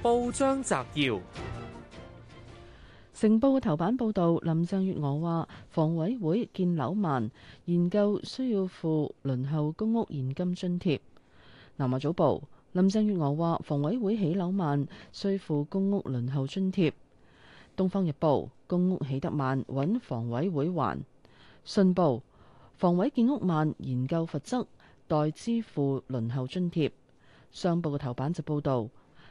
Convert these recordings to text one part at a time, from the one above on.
報章摘要：成報嘅頭版報道，林鄭月娥話，房委會建樓慢，研究需要付輪候公屋現金津貼。南華早報，林鄭月娥話，房委會起樓慢，需付公屋輪候津貼。東方日報，公屋起得慢，搵房委會還。信報，房委建屋慢，研究罰則，代支付輪候津貼。商報嘅頭版就報道。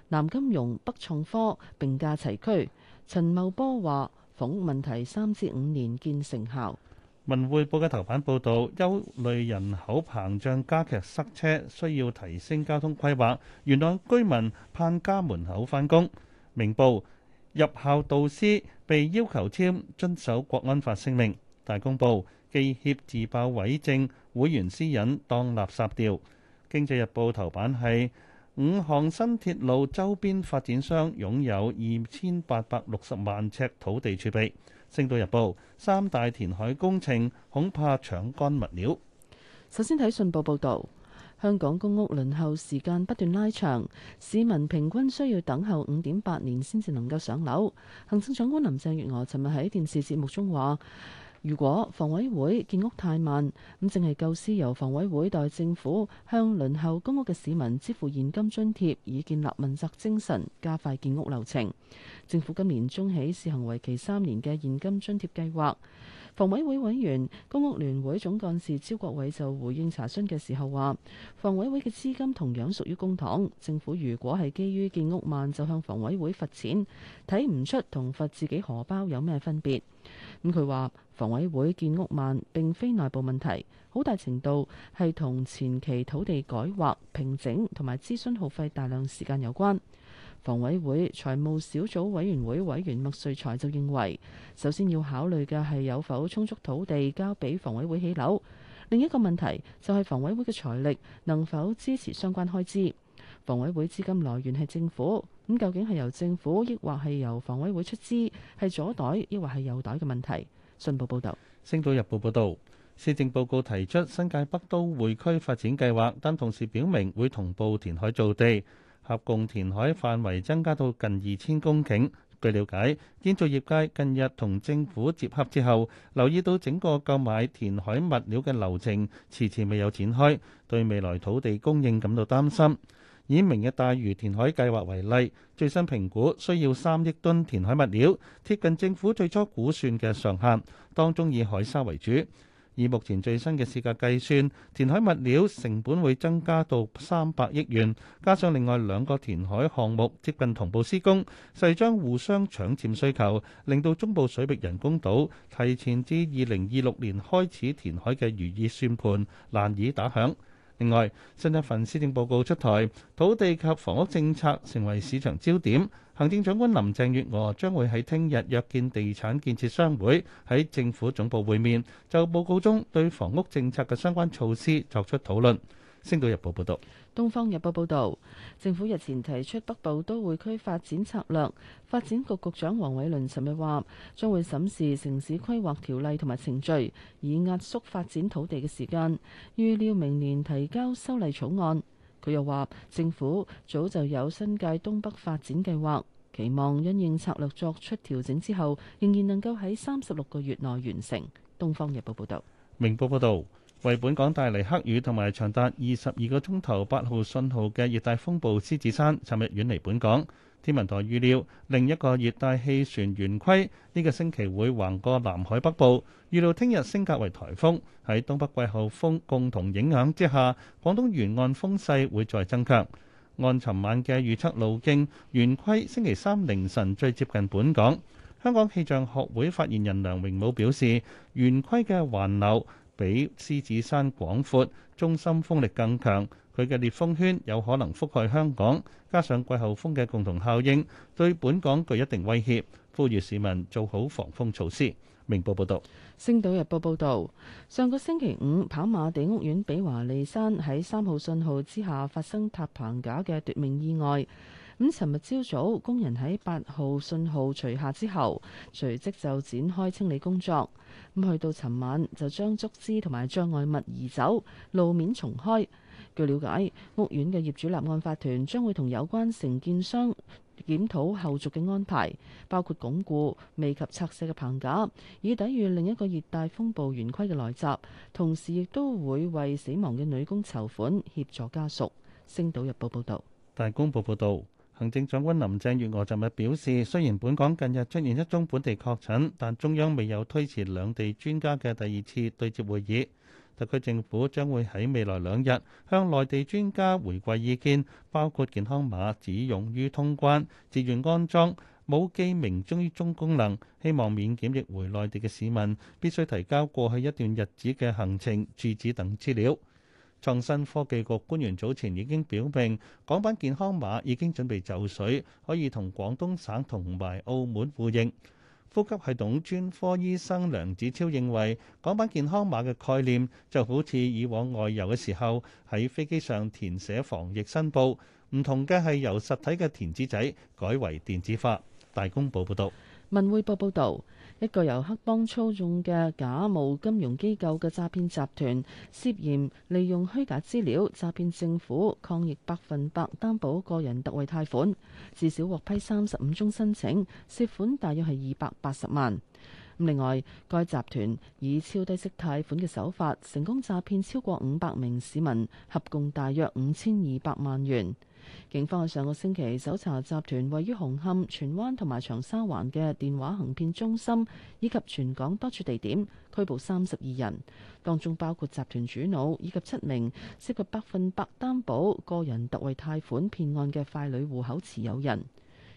南金融北重科，並駕齊驅，陳茂波話，房屋問題三至五年見成效。文匯報嘅頭版報導，憂慮人口膨脹加劇塞車，需要提升交通規劃。元朗居民盼家門口返工。明報，入校導師被要求簽遵守國安法聲明。大公報，記協自爆偽證，會員私隱當垃圾掉。經濟日報頭版係。五項新鐵路周邊發展商擁有二千八百六十萬尺土地儲備。星島日報：三大填海工程恐怕搶乾物料。首先睇信報報導，香港公屋輪候時間不斷拉長，市民平均需要等候五點八年先至能夠上樓。行政長官林鄭月娥尋日喺電視節目中話：如果房委會建屋太慢，咁正係舊司由房委會代政府向輪候公屋嘅市民支付現金津貼，以建立問責精神，加快建屋流程。政府今年中起試行為期三年嘅現金津貼計劃。房委會委員公屋聯會總幹事招國偉就回應查詢嘅時候話：房委會嘅資金同樣屬於公帑，政府如果係基於建屋慢就向房委會罰錢，睇唔出同罰自己荷包有咩分別。咁佢話。房委會建屋慢並非內部問題，好大程度係同前期土地改劃、平整同埋諮詢耗費大量時間有關。房委會財務小組委員會委員麥瑞才就認為，首先要考慮嘅係有否充足土地交俾房委會起樓。另一個問題就係房委會嘅財力能否支持相關開支。房委會資金來源係政府，咁究竟係由政府抑或係由房委會出資，係左袋抑或係右袋嘅問題。信報報導，《星島日報》報導，施政報告提出新界北都會區發展計劃，但同時表明會同步填海造地，合共填海範圍增加到近二千公頃。據瞭解，建造業界近日同政府接洽之後，留意到整個購買填海物料嘅流程遲遲未有展開，對未來土地供應感到擔心。以明日大嶼填海計劃為例，最新評估需要三億噸填海物料，貼近政府最初估算嘅上限。當中以海沙為主，以目前最新嘅市價計算，填海物料成本會增加到三百億元。加上另外兩個填海項目接近同步施工，勢將互相搶佔需求，令到中部水域人工島提前至二零二六年開始填海嘅如意算盤難以打響。另外，新一份施政報告出台，土地及房屋政策成為市場焦點。行政長官林鄭月娥將會喺聽日約見地產建設商會喺政府總部會面，就報告中對房屋政策嘅相關措施作出討論。星島日報報道。《東方日報》報導，政府日前提出北部都會區發展策略，發展局局長黃偉綸尋日話，將會審視城市規劃條例同埋程序，以壓縮發展土地嘅時間，預料明年提交修例草案。佢又話，政府早就有新界東北發展計劃，期望因應策略作出調整之後，仍然能夠喺三十六個月內完成。《東方日報》報導，《明報》報導。為本港帶嚟黑雨同埋長達二十二個鐘頭八號信號嘅熱帶風暴獅子山，尋日遠離本港。天文台預料另一個熱帶氣旋圓規呢個星期會橫過南海北部，預料聽日升格為颱風。喺東北季候風共同影響之下，廣東沿岸風勢會再增強。按尋晚嘅預測路徑，圓規星期三凌晨最接近本港。香港氣象學會發言人梁榮武表示，圓規嘅環流比獅子山廣闊，中心風力更強，佢嘅烈風圈有可能覆蓋香港，加上季候風嘅共同效應，對本港具一定威脅，呼籲市民做好防風措施。明報報導，星島日報報道：「上個星期五跑馬地屋苑比華利山喺三號信號之下發生塌棚架嘅奪命意外。咁，尋日朝早，工人喺八號信號除下之後，隨即就展開清理工作。咁去到尋晚，就將竹枝同埋障礙物移走，路面重開。據了解，屋苑嘅業主立案法團將會同有關承建商檢討後續嘅安排，包括鞏固未及拆卸嘅棚架，以抵禦另一個熱帶風暴圓規嘅來襲。同時亦都會為死亡嘅女工籌款，協助家屬。《星島日報》報道。《大公報》報道。行政長官林鄭月娥尋日表示，雖然本港近日出現一宗本地確診，但中央未有推遲兩地專家嘅第二次對接會議。特區政府將會喺未來兩日向內地專家回饋意見，包括健康碼只用於通關、自願安裝、冇記名中於中功能。希望免檢疫回內地嘅市民必須提交過去一段日子嘅行程、住址等資料。創新科技局官員早前已經表明，港版健康碼已經準備就緒，可以同廣東省同埋澳門互認。呼吸系統專科醫生梁子超認為，港版健康碼嘅概念就好似以往外遊嘅時候喺飛機上填寫防疫申報，唔同嘅係由實體嘅填紙仔改為電子化。大公報報道。文匯報報導。一個由黑幫操縱嘅假冒金融機構嘅詐騙集團，涉嫌利用虛假資料詐騙政府抗疫百分百擔保個人特惠貸款，至少獲批三十五宗申請，涉款大約係二百八十萬。另外，該集團以超低息貸款嘅手法，成功詐騙超過五百名市民，合共大約五千二百萬元。警方喺上個星期搜查集團位於紅磡、荃灣同埋長沙灣嘅電話行騙中心，以及全港多處地點，拘捕三十二人，當中包括集團主腦以及七名涉及百分百擔保個人特惠貸款騙案嘅傀儡戶口持有人。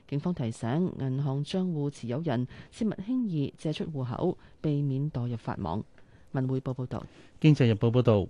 警方提醒銀行帳戶持有人切勿輕易借出戶口，避免墮入法網。文匯報報道。《經濟日報》報導。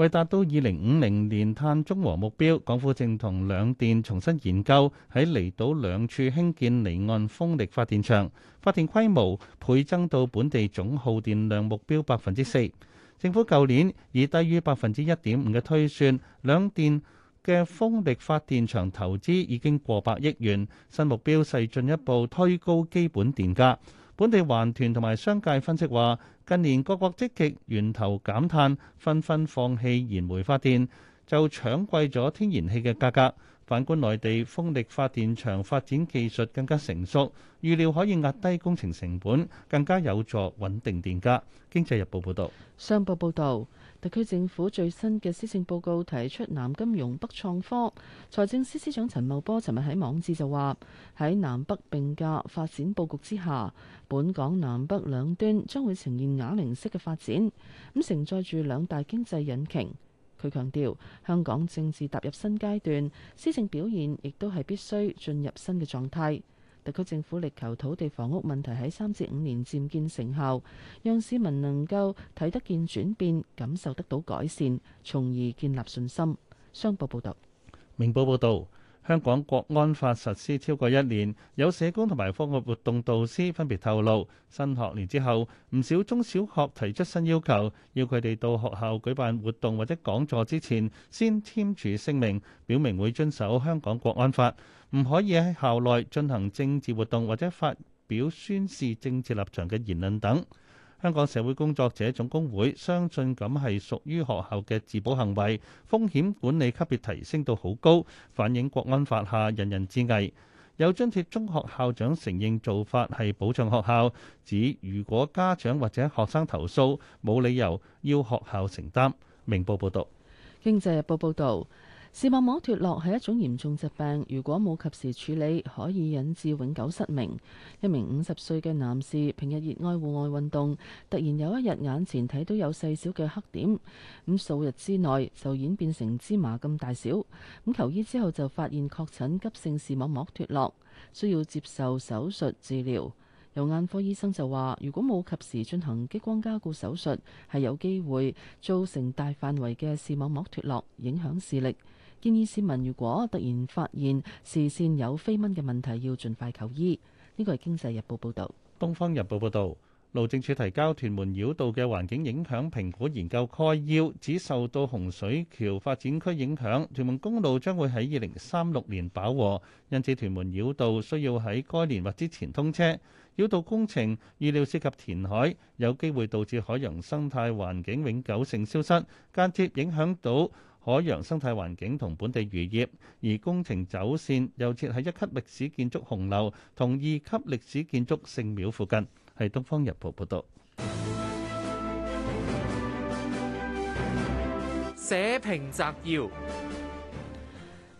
為達到二零五零年碳中和目標，港府正同兩電重新研究喺離島兩處興建離岸風力發電場，發電規模倍增到本地總耗電量目標百分之四。政府舊年以低於百分之一點五嘅推算，兩電嘅風力發電場投資已經過百億元。新目標勢進一步推高基本電價。本地環團同埋商界分析話。近年各國積極源頭減碳，紛紛放棄燃煤發電，就搶貴咗天然氣嘅價格。反觀內地風力發電場發展技術更加成熟，預料可以壓低工程成本，更加有助穩定電價。經濟日報報道。商報報導。特區政府最新嘅施政報告提出南金融北創科，財政司司長陳茂波尋日喺網誌就話：喺南北並駕發展佈局之下，本港南北兩端將會呈現啞鈴式嘅發展，咁承載住兩大經濟引擎。佢強調，香港政治踏入新階段，施政表現亦都係必須進入新嘅狀態。特區政府力求土地房屋問題喺三至五年漸見成效，讓市民能夠睇得見轉變，感受得到改善，從而建立信心。商報報導。明報報導，香港國安法實施超過一年，有社工同埋科學活動導師分別透露，新學年之後，唔少中小學提出新要求，要佢哋到學校舉辦活動或者講座之前，先簽署聲明，表明會遵守香港國安法。唔可以喺校內進行政治活動或者發表宣示政治立場嘅言論等。香港社會工作者總工會相信咁係屬於學校嘅自保行為，風險管理級別提升到好高，反映國安法下人人自危。有津貼中學校長承認做法係保障學校，指如果家長或者學生投訴，冇理由要學校承擔。明報報道。經濟日報報道。視網膜脫落係一種嚴重疾病，如果冇及時處理，可以引致永久失明。一名五十歲嘅男士平日熱愛戶外運動，突然有一日眼前睇到有細小嘅黑點，咁數日之內就演變成芝麻咁大小。咁求醫之後就發現確診急性視網膜脫落，需要接受手術治療。有眼科醫生就話：如果冇及時進行激光加固手術，係有機會造成大範圍嘅視網膜脫落，影響視力。建議市民如果突然發現視線有飛蚊嘅問題，要盡快求醫。呢個係《經濟日報》報導，《東方日報》報導，路政署提交屯門繞道嘅環境影響評估研究概要，指受到洪水橋發展區影響，屯門公路將會喺二零三六年飽和，因此屯門繞道需要喺該年或之前通車。繞道工程預料涉及填海，有機會導致海洋生態環境永久性消失，間接影響到，海洋生態環境同本地漁業，而工程走線又設喺一級歷史建築紅樓同二級歷史建築聖廟附近。係《東方日報》報導。社評摘要。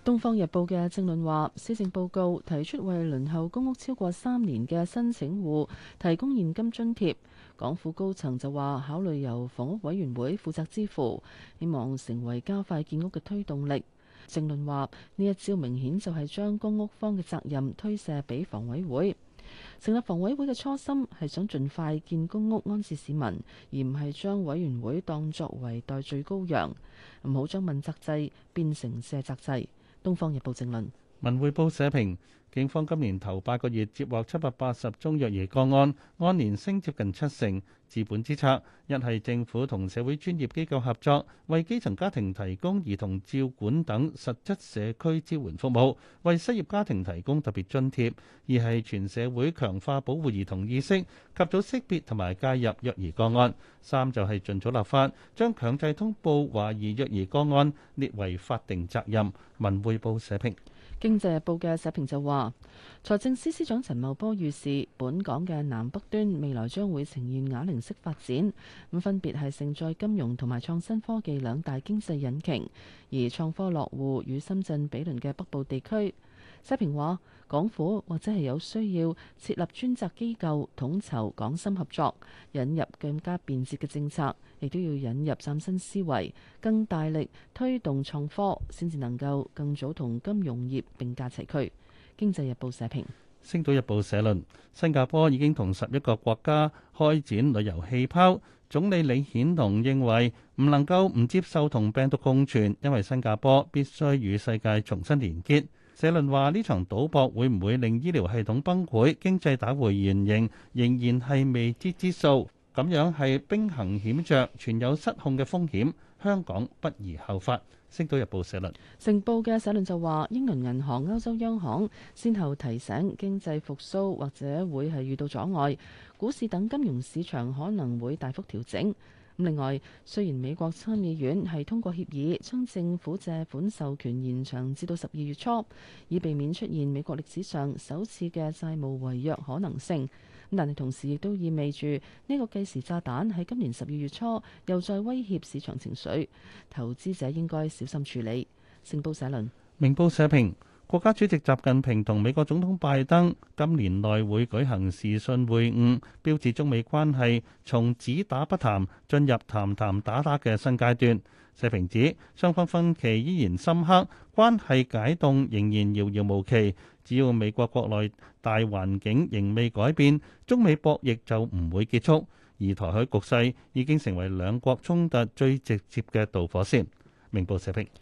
《東方日報》嘅政論話，施政報告提出為輪候公屋超過三年嘅申請戶提供現金津貼，港府高層就話考慮由房屋委員會負責支付，希望成為加快建屋嘅推動力。政論話呢一招明顯就係將公屋方嘅責任推卸俾房委會。成立房委會嘅初心係想盡快建公屋安置市民，而唔係將委員會當作為代罪羔羊。唔好將問責制變成卸責制。東方日報政論。文匯報社評：警方今年頭八個月接獲七百八十宗虐兒個案，按年升接近七成。治本之策一係政府同社會專業機構合作，為基層家庭提供兒童照管等實質社區支援服務，為失業家庭提供特別津貼；二係全社會強化保護兒童意識，及早識別同埋介入虐兒個案；三就係盡早立法，將強制通報懷疑虐兒個案列為法定責任。文匯報社評。《經濟日報》嘅社評就話，財政司司長陳茂波預示，本港嘅南北端未來將會呈現啞鈴式發展，咁分別係盛載金融同埋創新科技兩大經濟引擎，而創科落戶與深圳比鄰嘅北部地區。社評話：港府或者係有需要設立專責機構統籌港深合作，引入更加便捷嘅政策，亦都要引入嶄新思維，更大力推動創科，先至能夠更早同金融業並駕齊驅。經濟日報社評。星島日報社論：新加坡已經同十一個國家開展旅遊氣泡。總理李顯龍認為唔能夠唔接受同病毒共存，因為新加坡必須與世界重新連結。社論話呢場賭博會唔會令醫療系統崩潰、經濟打回原形，仍然係未知之數。咁樣係兵行險着，存有失控嘅風險。香港不宜效法。《星島日報》社論。成報嘅社論就話，英倫銀行、歐洲央行先後提醒，經濟復蘇或者會係遇到阻礙，股市等金融市場可能會大幅調整。另外，雖然美國參議院係通過協議將政府借款授權延長至到十二月初，以避免出現美國歷史上首次嘅債務違約可能性，但係同時亦都意味住呢、這個計時炸彈喺今年十二月初又再威脅市場情緒，投資者應該小心處理。星報社論。明報社評。國家主席習近平同美國總統拜登今年內會舉行視訊會晤，標誌中美關係從只打不談進入談談打打嘅新階段。社評指，雙方分歧依然深刻，關係解凍仍然遙遙無期。只要美國國內大環境仍未改變，中美博弈就唔會結束。而台海局勢已經成為兩國衝突最直接嘅導火線。明報社評。